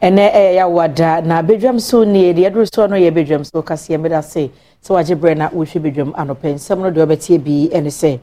ɛnɛ ɛyɛ eh, yawada na badwam so nie deɛ ɛduru soɔ no yɛ badwam so eh, kaseɛ mmeda se sɛ wagye berɛ na wohwɛ badwam anɔpɛ nsɛm no deɛ wɔbɛteɛ bi ɛne sɛ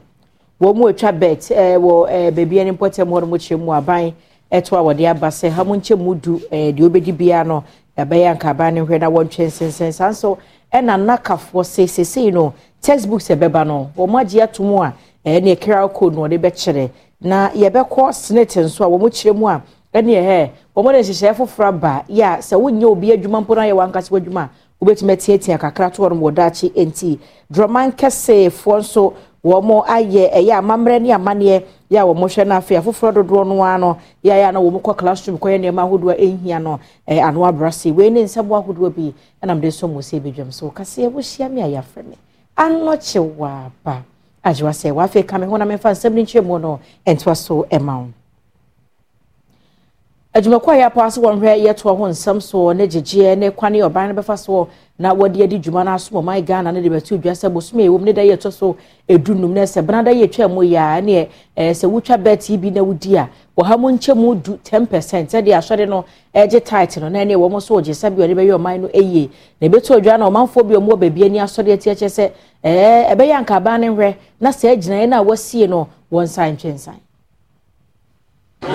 wɔn mu atwa bet ɛɛ wɔ ɛɛ baabi ɛne mpɔtam hɔ no mo kyerɛ mu aban ɛto a wɔde aba sɛ ha mo nkyɛn mu du ɛɛ deɛ wɔbɛdi biara no ɛbɛyɛ anka ne hwɛ na wɔntwɛ nsensɛn saa nso ɛna nakafoɔ seesesei no textbooks ɛbɛba no wɔn agye ato mu a ɛɛ ne ɛkira code no wɔde bɛkyerɛ na yɛbɛkɔ senate nso a wɔn kyerɛ mu a ɛne ɛhɛ wɔn de nhyehyɛ foforɔ aba yɛ a sɛ wonyɛ obi adwuma mpo na yɛ wankasa adwuma a wobɛtumi atiatia kakra to wɔn wɔ daakye nti drɔman kɛseefoɔ nso wɔn ayɛ ɛyɛ amammerɛ ne amanneɛ yɛ a wɔn hwɛ no afei afoforɔ dodoɔ no ara no yɛ ayɛ a wɔn kɔ classroom kɔyɛ nneɛma ahodoɔ ɛnhia no ɛɛ ano abrase wei ne nsɛm ahodoɔ bi ɛnam de nso wɔn se ebi dwam so kaseɛ wɔhyia mi a yɛafrɛ mi anɔkye waaba agyewa sɛ wɔafei ho na mi nsɛm ne nkyɛn mu no ɛntoa so ɛma wɔn adwumakɔ a yɛapɔ ase wɔn hwɛ yɛtoa ho nsɛm so ne gyegyeɛ ne kwan yɛ ɔban no bɛfa so na wɔde adi dwuma no aso ɔman ghana ne de bɛto dwa sɛ bosom ɛwɔ ne da yɛ ɛtɔ so ɛdunum ne sɛ bena da yɛ atwa mu yɛ a ne ɛɛ sɛ wotwa bɛɛte bi na wodi a wɔha mu nkyɛ mu du ten percent sɛdeɛ asɔre no ɛgye tight no na ɛne wɔn nso wɔgye sɛbi ɔde bɛyɛ ɔman no ɛyie na ɛbɛto dwa na ɔmanfoɔ bi ɔmo wɔ baabi ani asɔre ɛti ɛkyɛ sɛ ɛɛ ɛbɛyɛ ankaban ne hwɛ na sɛ ɛgyina yɛn a wɔasie no wɔn nsa ntwɛnsan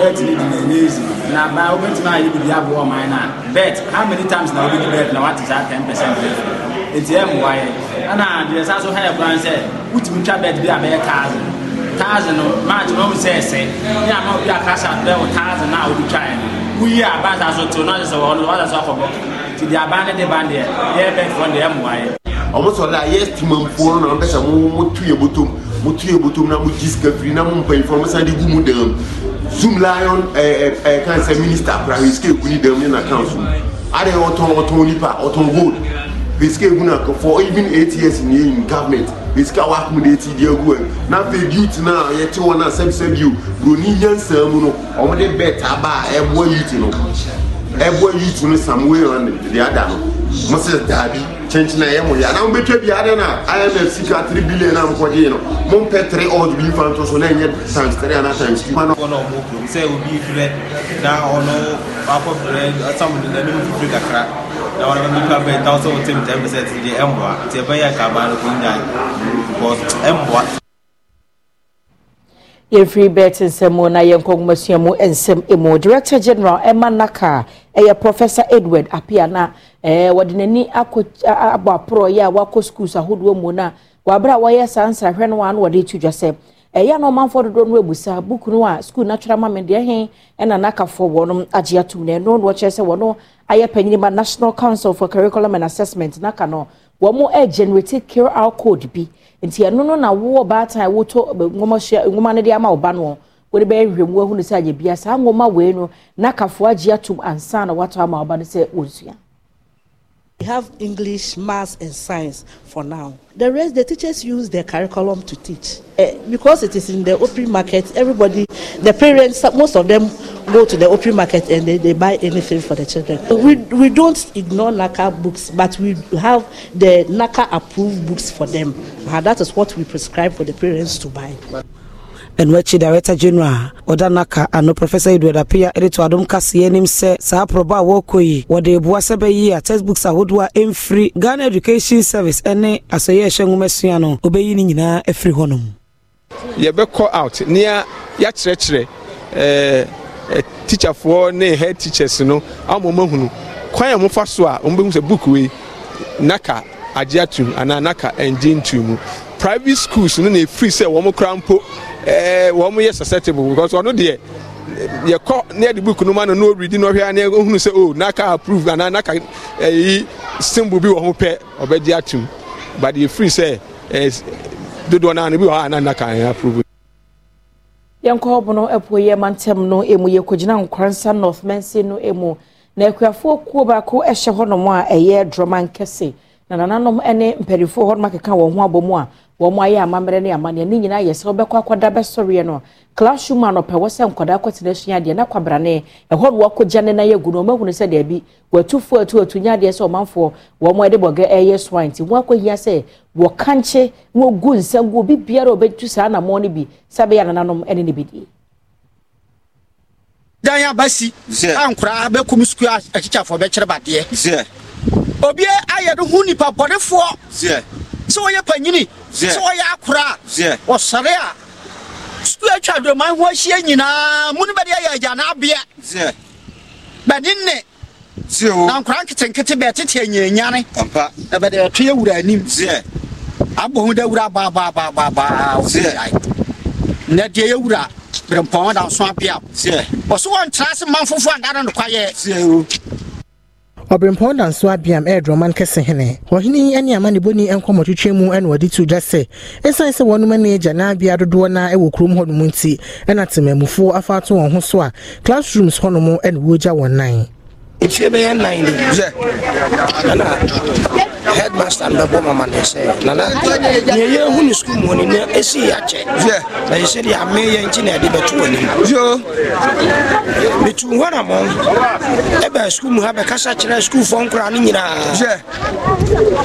bet ne di na easy na ba o bet na ayi bi abo o man na bet how many times na o bi bet na what is that 10% bet eti e mwa ye ana de sa so hair plan say utimi twa bet bi abey 1000 1000 no match no mu say say ya ma bi akasa be o 1000 na o bi try wo yi aba sa so to na so wo no wa so ko bo ti di aba ne de ban de ye e bet fon de e mwa ye ọmọ sọlá ayé tìmọ̀nfọ́ náà ọ̀nkẹ́sà mo mo tuyè bótom mo tuyè bótom náà mo jí sikẹ́fìrí náà mo mpẹ̀yìfọ́ mo sáré gu mu dàn zoom lion ɛɛ eh, ɛɛ eh, eh, kan sɛ minister kura risque eguni dɛm ne na kan so adi ɔtɔn ɔtɔn nipa ɔtɔn gold risque eguna for even eight years in year in government risque awa accommodate di egu ɛ n'afɛ youth na yɛ ti wɔn na sɛbisɛbi o broni nyansan mu no ɔmo de bɛ taba ɛbɔ youth no ɛbɔ youth no samuel ɛdi ada no mo sɛ daabi kyenkyena ɛyɛ mo yɛ anaa mobɛtwa bi adɛn na sika 3 billion a mokɔgyee no mompɛ 3 odd bi fa nto so na ɛnyɛ times 3 anaa times 2 sɛ obi frɛ na ɔno wakɔfrɛ samde nanim fifiri kakra na wọn bɛ nipa bɛn taw sɛ wɔtɛm ten percent deɛ ɛmboa nti ɛbɛyɛ kaba no ko nyaa because ɛmboa yɛmfiri bɛɛte nsɛm na yɛnkɔ nwomasua mu nsɛm mu director general ɛma naka ɛyɛ eh, professor edward apia eh, na ɛɛ wɔde n'ani akɔ abɔ aporɔ yɛ a wakɔ schools ahodoɔ mu na wabere eh, a wɔyɛ saa nsrahwɛ no ano wɔde etu dwa sɛ ɛyɛ na ɔmanfoɔ dodoɔ no ebusa buku no a school natural ama mi deɛ ɛhɛn ɛna n'akafoɔ wɔn agye atum na ɛno na wɔkyerɛ sɛ wɔn ayɛ panyinima national council for curriculum and assessment n'aka no wɔn ɛgenerate qr code bi nti ɛno no na wowɔ baatan wotɔ nwoma hyɛ nwoma no de ama ɔba no wɔde bɛyɛ nhwɛmu ahunu sɛ ayɛ bia saa nwoma wei no na kafoa gye atom na watɔ ama ɔba no sɛ wɔnsua We have English, Maths, and Science for now. The rest, the teachers use their curriculum to teach. Uh, because it is in the open market, everybody, the parents, most of them go to the open market and they, they buy anything for the children. We, we don't ignore NACA books, but we have the NACA approved books for them. And that is what we prescribe for the parents to buy. ɛnoakyi director general ɔda naka ano professor edward apia de to adom kaseɛ anim sɛ saa porɔbɔ a wɔrekɔ yi wɔde eboa sɛ bɛyi a textbooks ahodoɔ a ɛmfiri ghana education service ne asɔyɛ ɛhyɛ nwomasua no wɔbɛyi no nyinaa afiri hɔnom yɛbɛkɔ out nea yɛakyerɛkyerɛ Eh, teacherfoɔ ne head teachers no ama wɔn ahunu kwan a wɔfa so a wɔn bɛhu sɛ book wei naka agye atum anaa naka ngye ntum private schools no na efiri sɛ wɔn kora mpo ɛɛ eh, wɔn yɛ susceptible because ɔno deɛ yɛkɔ ne yɛde book no ma no na ɔredi na ɔhwɛ a na ɔhunu sɛ o oh, naka approve anaa naka ɛyi eh, symbol bi wɔ ho pɛ ɔbɛgye atum but efiri sɛ ɛɛ dodoɔ naa no bi wɔ hɔ a naka ɛɛ approve yɛnkɔ hɔ bono ɛpo yɛ mantam no emu yɛkɔgyina nkransa north mense no emu na akuafoɔ kuo baako ɛhyɛ hɔnom a ɛyɛ drɔma nkɛse na nananom ne mpanimfoɔ hɔnom akeka wɔn ho abɔ mu a wɔn ayɛ amammerɛ ne amanneɛ ne nyinaa yɛ sɛ wɔbɛkɔ akɔda bɛsɔreɛ no classroom a nɔpɛ wɔ sɛ nkɔdaa kɔtena sua adeɛ na kwabrane ɛhɔ no wɔakɔgya ne na yɛ gu no ɔmahunu sɛ daabi watufoɔ atu atu nya adeɛ sɛ ɔmanfoɔ wɔn de bɔgɛ ɛyɛ soa nti wɔn akɔhia sɛ wɔkankye wɔgu nsa gu obi biara a ɔbɛtu saa anammɔn no bi sɛbɛyɛ nananom ne ne bi die dan abasi a nkwaraa bɛkum sukuu akyikyafoɔ bɛkyerɛ badeɛ obi ayɛ no ho nipa bɔnefoɔ sɛ wɔyɛ panyini sɛ wɔyɛ akora a wɔsɔre a sukuu atwa adoman ho ahyia nyinaa mu no bɛde ayɛ agya na abeɛ bɛde nne na nkora nketenkete bɛɛtete anyaanyane na bɛde ɛto yɛ wura anim abɔ ho da wura baabaabaabaabaa na deɛ yɛwura berempɔn da nso apea ɔso wɔntena ase ma fofoɔ ada no nokwayɛ ɔberempɔn da nso abiam ɛɛdrɔman kɛse hene ɔhene ne amanebɔni nkɔmmɔtwetwe mu ɛna wɔde tu gya sɛ ɛsiane sɛ wɔnom ne gyanaabea dodoɔ no ɛwɔ kurom hɔ nom nti ɛna temamufoɔ afa ato wɔn ho so a classrooms hɔnom ɛne wɔgya wɔn nan efie bɛyɛ nan de sɛ ana headmaster no bɛbɔ mama ne sɛ nana neɛ yɛhu ne skul mu no nea ɛsii akyɛ na yɛ sɛdeɛ ameyɛ nkyi na ɛde bɛto anim metu hɔramɔ ɛbaa skul mu ha bɛkasa kyerɛ skulfoɔ nkoraa no nyinaa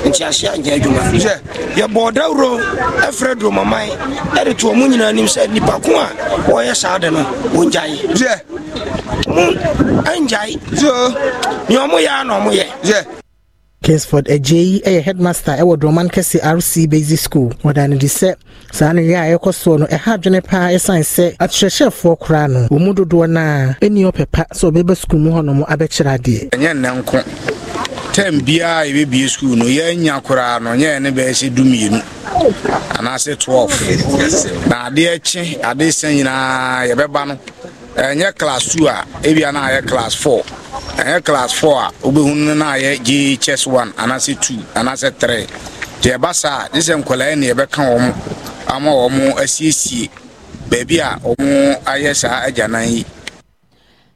nti ase anyɛ adwuma yɛbɔɔ dawuro ɛfrɛ duromaman ɛde toɔ mu nyinaa nim sɛ nnipa ko a wɔyɛ saa de no wɔngyae mu ɛngyae nea ɔmo yɛ a na ɔmo yɛ kingsford agye yi yɛ headmaster wɔ droman kɛse rc basic school wɔda no de sɛ saa no yɛ a ɛkɔ soɔ no ɛha adwene paa ɛsiane sɛ akyerɛkyerɛfoɔ koraa no wɔn mu dodoɔ no a ɛni ɔpɛpa sɛ ɔbɛba sukuu mu hɔnom abɛkyerɛ adeɛ ɛnyɛ nnɛ nko term biara yɛbɛbie sukuu no yɛanya koraa no nyɛ ne bɛyɛ sɛ dumienu anaasɛ 12 na adeɛ kye adeɛ sɛ nyinaa yɛbɛba no ɛnyɛ class two a ebia na ayɛ class four ɛnyɛ class four a wobɛhu no gye chess one anaasɛ two anaasɛ three deɛ ɛba saa gye sɛ nkwadaa ne wɔn ama wɔn asiesie baabi a wɔn ayɛ saa agyanan yi.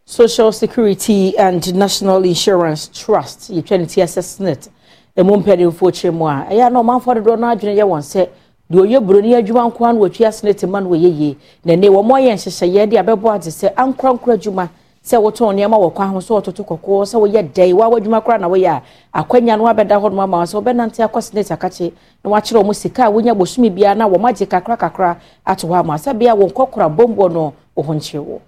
social security and national insurance trust yɛtwa ne ti assessment ɛmu mpanimfoɔ kyerɛ mu a ɛyɛ a na ɔmanfoɔ dodoɔ yɛ wɔn sɛ deɛ ɔyɛ buroni adwuma nkoa no wɔtwi asenate ma no wɔyɛ yie na ne wɔn ayɛ nhyehyɛeɛ de abɛbɔ ate sɛ ankorankora adwuma sɛ wotɔn nneɛma wɔ kwan ho sɛ wɔtoto kɔkɔɔ sɛ wɔyɛ dɛɛ wɔn adwuma koraa na wɔyɛ a akwanya no abɛda hɔ nom ama wɔn sɛ wɔbɛnante akɔ senate akakye na wɔakyerɛ wɔn sika a wɔnya bosome biara na wɔn agye kakra kakra ato hɔ ama sɛ bea wɔn kɔkora bɔmbɔ no wɔn wɔn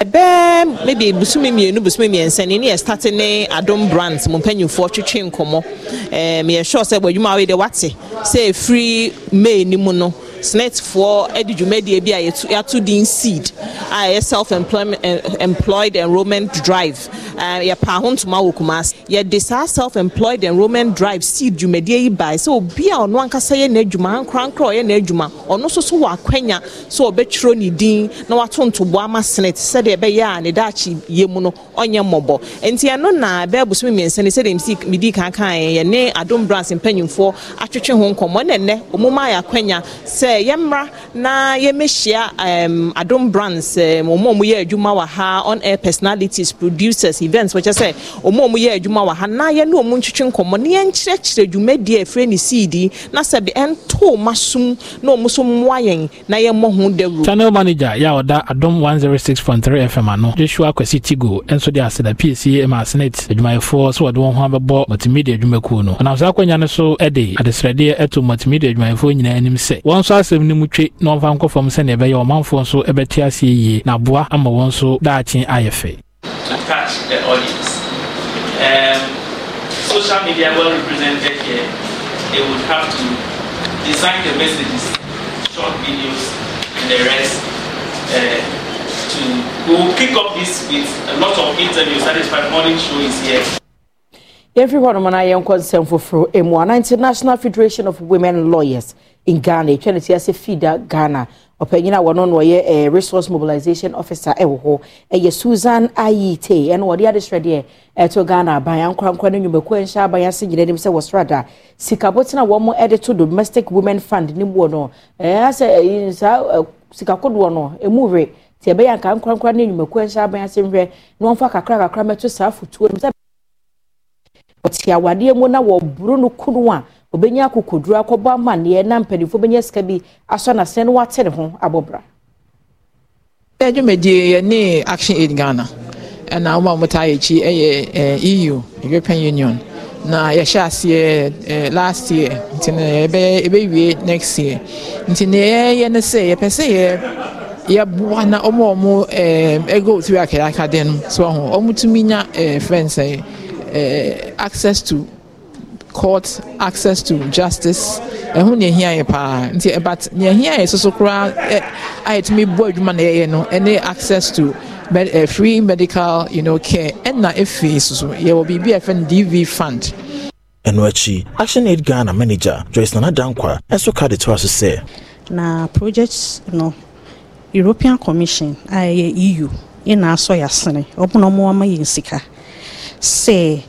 ɛbɛɛ maybe busumi mmienu busumi mmiɛnsa ni ne yɛ start ne adom brand mu mpanyinfoɔ twitwi nkɔmɔ ɛɛ meyɛ sure sɛ wɔ adwuma awo yi de wate sɛ efiri may ni mu no snetfoɔ ɛde dwumadie bi a yɛto din seed a ɛyɛ self employment eh, enrollment drive. yɛpa ho ntoma wɔ kuma yɛde saa self employed enrollment drive sii dwumadie yi bae sɛ obi a ɔno ankasa yɛ n'adwuma ankorankora ɔyɛ n'adwuma ɔno nso so wɔ akwanya sɛ ɔbɛtwerɛ ne din na wato ntoboa ama senate sɛdeɛ ɛbɛyɛ a ne daakye yɛ mu no ɔnyɛ mmɔbɔ nti ɛno na bɛɛbo so mmiɛnsa no sɛdeɛ medi kan kan yɛne adom brass mpanyimfoɔ atwetwe ho nkɔmmɔ ne nnɛ ɔmo ma yɛ akwanya sɛ yɛmmra na yɛmɛhyia um, adom brands um, ɔmo a ɔmo yɛ adwuma wɔ ha on air personalities producers events wɔkyɛ sɛ ɔmo ɔmo yɛ adwuma wɔ ha na yɛ ne ɔmo ntwitwi nkɔmɔ ne yɛn kyerɛkyerɛ dwumadie a efirɛ ne cd na sɛbi ɛnto ma som na ɔmo so mmoa yɛn na yɛn mmɔ ho dawuro. channel manager yà ɔda adom one zero six point three fm ano joshua kwesi tigo nso de aseda psa ma senate adwumayɛfoɔ so wɔde wɔn ho abɛbɔ multimedia adwumakuo no ɔnam saa akɔnya no so ɛde adesrɛdeɛ ɛto multimedia adwumayɛfoɔ nyinaa anim sɛ wɔn nso asɛm no mu twe na wɔmfa nkɔ fam sɛnea ɛbɛyɛ ɔmanfoɔ nso ɛbɛte aseɛ yie na aboa ama wɔn nso daakye ayɛ fɛ the audience. Um, social media well represented here, they would have to design the messages, short videos, and the rest uh, to we will pick up this with a lot of interviews. That is my morning show is here. Everyone, one of my young for M1 International Federation of Women Lawyers in Ghana, as a feeder Ghana. ɔpanyin a wɔno no ɔyɛ resource mobilization officer ɛwɔ hɔ ɛyɛ susan ayite ɛna wɔde adesrɛ deɛ ɛto ghana aban ankorankora no nnwumakuo nhyɛ aban ase nyina anim sɛ wɔsoro ada sikabotena wɔn ɛde to domestic women fund ne mu no ɛɛ eh, asɛ saa eh, eh, sikakodoɔ no emu were te ɛbɛyɛ nka ankorankora no nnwumakuo nhyɛ aban ase nhwɛ na wɔmfa kakra kakra mɛto saa futuo no sɛ ɔte awadeɛ mu na wɔboro no kunu a obɛnya akokoduro akɔbɔ amanneɛ na mpanimfoɔ bɛnya sika bi asɔ n'asene no wate ne ho abɔbra adwumadie e, yɛne action aid ghana ɛna woma yɛkyi eu union na yɛhyɛ aseɛ last year nti no yɛbɛwie e, e, next year nti ne yɛyɛ ne sɛ yɛpɛ sɛ yɛ yɛboa na ɔmo ɔmo ɛgo otu akɛyɛ no so ɔmo tumi nya access to court access to justice ɛho nea ɛhia yɛ paa nti but nea ɛhia yɛ soso koraa a yɛtumi bɔ adwuma na yɛyɛ no ɛne access to med uh, free medical you know, care ɛna ɛfei soso yɛwɔ biribi a yɛfrɛ dv fund ɛno akyi action aid ghana manager joyce nana dankwa ɛso ka de to aso sɛ na project no european commission a ɛyɛ eu ɛna asɔ yɛasene ɔmo na ɔmo ama yɛn sika sɛ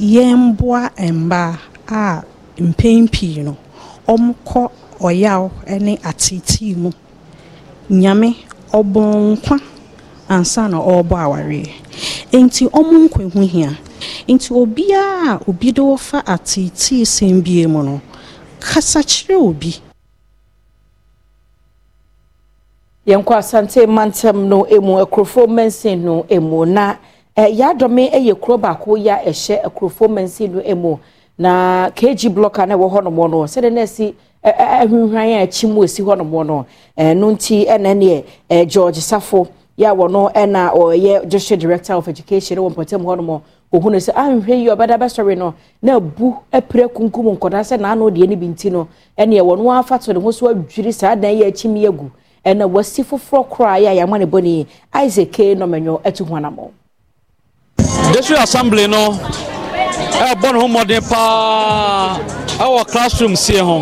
yɛmboa mmaa a mpɛn pii no wɔkɔ ɔyaw ne ateetee mu nyame ɔbɔn nkwa ansa na ɔrebɔ awareɛ nti wɔn nkwa ho hia nti obiara a obi de wɔfa ateetee sɛm bie mu no kasa kyerɛ obi yɛnkɔ asante mantam no ɛmu akurofoɔ mansin no ɛmu na yɛadɔme yɛ kuro baako yi a ɛhyɛ akurofoɔ mansin no mu na kg block a na ɛwɔ hɔnom no sɛde na ɛsi ahwehwan a akyi mu ɛsi hɔnom no ɛno nti ɛna neɛ george safo yɛ a wɔno ɔyɛ district director of education wɔ mpɔtam hɔnom ohun no sɛ ahwehwɛ yi ɔbɛda bɛsɔre no na ebu apire kunkum nkɔda sɛ n'ano deɛ ne bi nti no ɛneɛ wɔno afa to ne ho so adwiri saa dan yɛ akyi mu yɛ gu ɛna wasi foforɔ koraa yɛ a yɛama ne bɔ ne isaac k nɔmɛnwɔ ɛto ho anamɔ district assembly no ɛbɔ ne ho mmɔden paa ɛwɔ classroom sie ho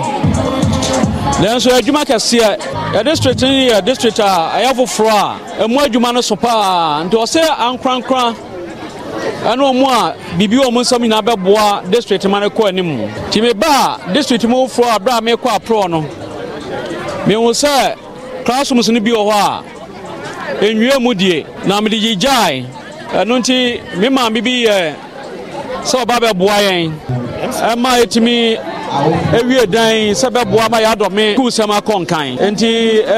nanso adwuma kɛseɛ yɛ district no yɛ district a ɛyɛ foforɔ a ɛmu adwuma no so paa nti ɔsɛ ankorankora ɛne ɔmo a biribi wɔ ɔmo nsɛm nyinaa bɛboa district ma no kɔ anim nti meba ba, district mu foforɔ a mi a merekɔ aprɔ no mehu sɛ classrooms no bi wɔ hɔ a ɛnwie mu die na mede gyigyae ɛno nti me maame bi yɛ sɛ ɔba bɛboa yɛn ɛma ɛtumi ɛwie dan sɛ bɛboa ma yɛadɔme kusɛm akɔ nkan enti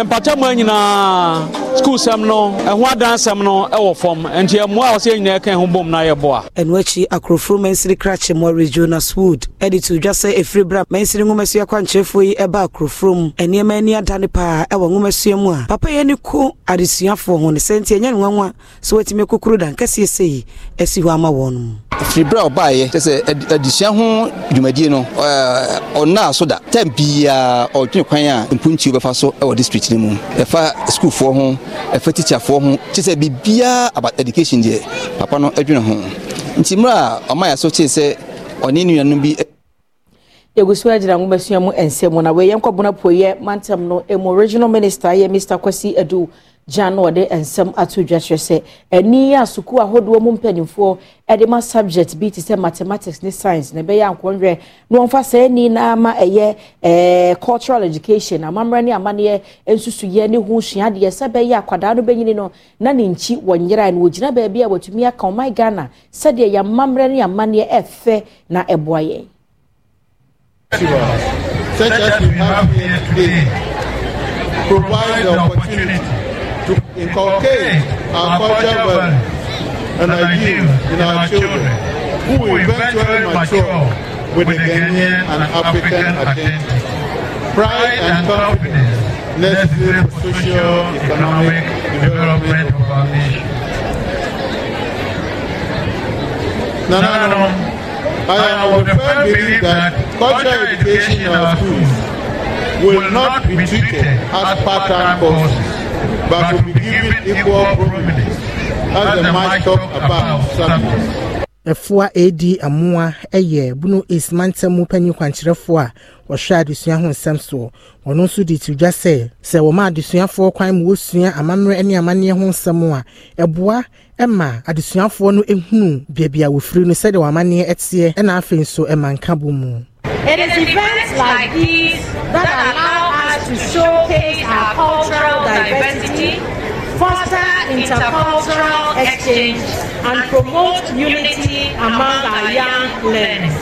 mpatam nyinaa sukuu sɛm no ɛho adansɛm no ɛwɔ fam nti ɛmmoa a ɔsɛ nyinaa ka ho bom no ayɛ boa ɛno akyi akorɔforo mansiri krakye mɔre jonas wood ɛde to dwa sɛ ɛfiri berɛ a mansiri nwomasua kwankyerɛfoɔ yi ɛba akorɔforo mu ɛnneɛma ani adane paa ɛwɔ nwomasua mu a papa yi ani ko adesuafoɔ ho ne sɛ nti ɛnyɛ ne nwanwa sɛ watumi akokuro da nkɛseɛ sei asi hɔ ama wɔn mu firi berɛ a ɔbaeɛ sɛ adesua ho dwumadie no ɔnaa so da tam biaa ɔdwene kwan a mpuntuo bɛfa so wɔ district no mu ɛfa sukuufoɔ ho ɛfɛ tikyafoɔ ho kye sɛ biribiaa about education deɛ papa no adwene ho nti mmerɛ a ɔma yɛ so kyee sɛ ɔne nuanom bi yɛgu so agyina nwoma sua mu nsɛm na wɔyɛ nkɔbona poyɛ mantam no mu regional minister yɛ mr kwasi adu gya na ɔde nsɛm ato dwa kyerɛ sɛ ani a sukuu ahodoɔ mu mpanimfoɔ ma subject bi te sɛ mathematics ne science na ɛbɛyɛ akɔnwerɛ na wɔmfa saa ani na ama ɛyɛ ɛɛ cultural education amammerɛ ne amanneɛ nsusuyɛ ne ho sua adeɛ sɛ bɛyɛ akwadaa no bɛnyini no na ne nkyi wɔn nyera no wɔgyina baabi a aka ɔman oh ghana sɛdeɛ ne amanneɛ ɛfɛ na ɛboa yɛn. Such as we have here today provide the to inculcate our culture values and ideals in our children, who will eventually mature with a Ghanaian and African identity. Pride and confidence necessary for social economic development of our nation. Nanano, I am of the firm belief that cultural education in our schools will not be treated as part-time courses. but will be given equal prominence as the match talk about Saturday. ɛfoa edi amoa ɛyɛ bunu esimantam mu a wɔhwɛ adesua ho nsɛm soɔ wɔn nso de ti sɛ sɛ wɔn adesuafoɔ kwan mu wɔsua amammerɛ ne amanneɛ ho nsɛm a ɛboa ma adesuafoɔ no ehunu beebi a wɔfiri no sɛdeɛ nso ɛma mu. to showcase our cultural diversity, foster intercultural exchange, and promote unity among our young learners.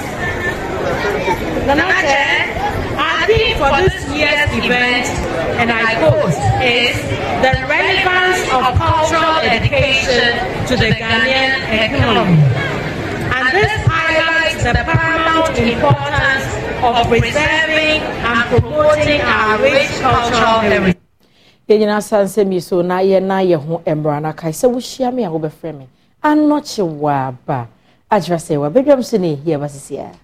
Nana Chair, our theme for this year's event, and I quote, is the relevance of cultural education to the Ghanaian economy. And this highlights the paramount importance of preserving promoting our rich cultural heritage. yɛn nyinaa san sɛ mi so na yɛn na yɛn ho mmerɛ no akae sɛ wohyia me a wobɛfrɛ me anɔkye wɔ aba agyerɛ sɛ wɔabɛdwam so ne ɛhia ba sesia